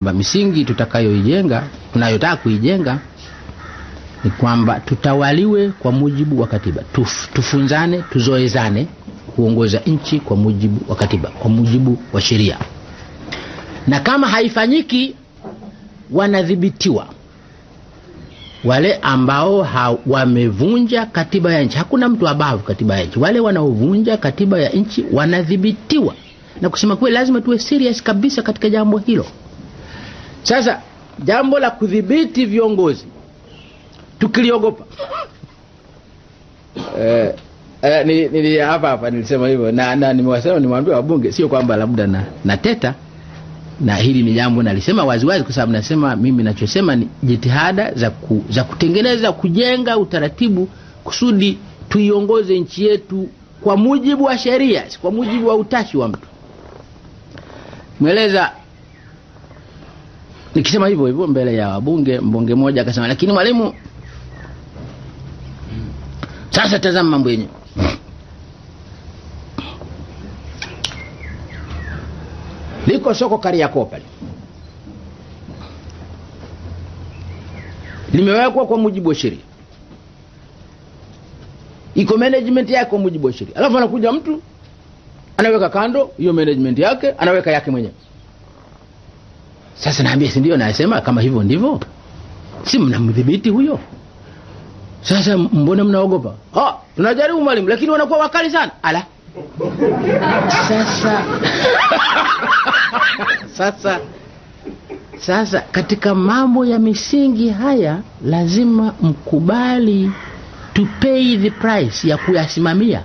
kwamba misingi tutakayoijenga tunayotaka kuijenga ni kwamba tutawaliwe kwa mujibu wa katiba, Tuf, tufunzane, tuzoezane kuongoza nchi kwa mujibu wa katiba, kwa mujibu wa sheria, na kama haifanyiki wanadhibitiwa wale ambao ha, wamevunja katiba ya nchi. Hakuna mtu abavu katiba ya nchi. Wale wanaovunja katiba ya nchi wanadhibitiwa, na kusema kweli, lazima tuwe serious kabisa katika jambo hilo. Sasa jambo la kudhibiti viongozi tukiliogopa eh, eh, ni, ni, hapa hapa nilisema hivyo na, na nimewasema nimwambia wabunge, sio kwamba labda na, na teta na hili ni jambo nalisema waziwazi, kwa sababu nasema mimi nachosema ni jitihada za, ku, za kutengeneza kujenga utaratibu kusudi tuiongoze nchi yetu kwa mujibu wa sheria, kwa mujibu wa utashi wa mtu. Mweleza nikisema hivyo hivyo mbele ya wabunge, mbunge mmoja akasema, lakini mwalimu, sasa tazama mambo yenyewe liko soko Kariakoo pale limewekwa kwa mujibu wa sheria, iko management yake kwa mujibu wa sheria, alafu anakuja mtu anaweka kando hiyo management yake, anaweka yake mwenyewe. Sasa naambia si ndio, nasema kama hivyo ndivyo, si mnamdhibiti huyo. Sasa mbona mnaogopa? Ah, tunajaribu mwalimu, lakini wanakuwa wakali sana. Ala. Sasa sasa sasa katika mambo ya misingi haya lazima mkubali to pay the price ya kuyasimamia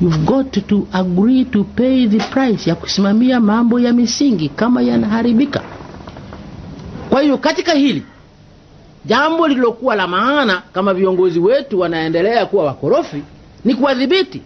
you've got to agree to pay the price ya kusimamia mambo ya misingi kama yanaharibika. Kwa hiyo katika hili jambo lililokuwa la maana, kama viongozi wetu wanaendelea kuwa wakorofi, ni kuwadhibiti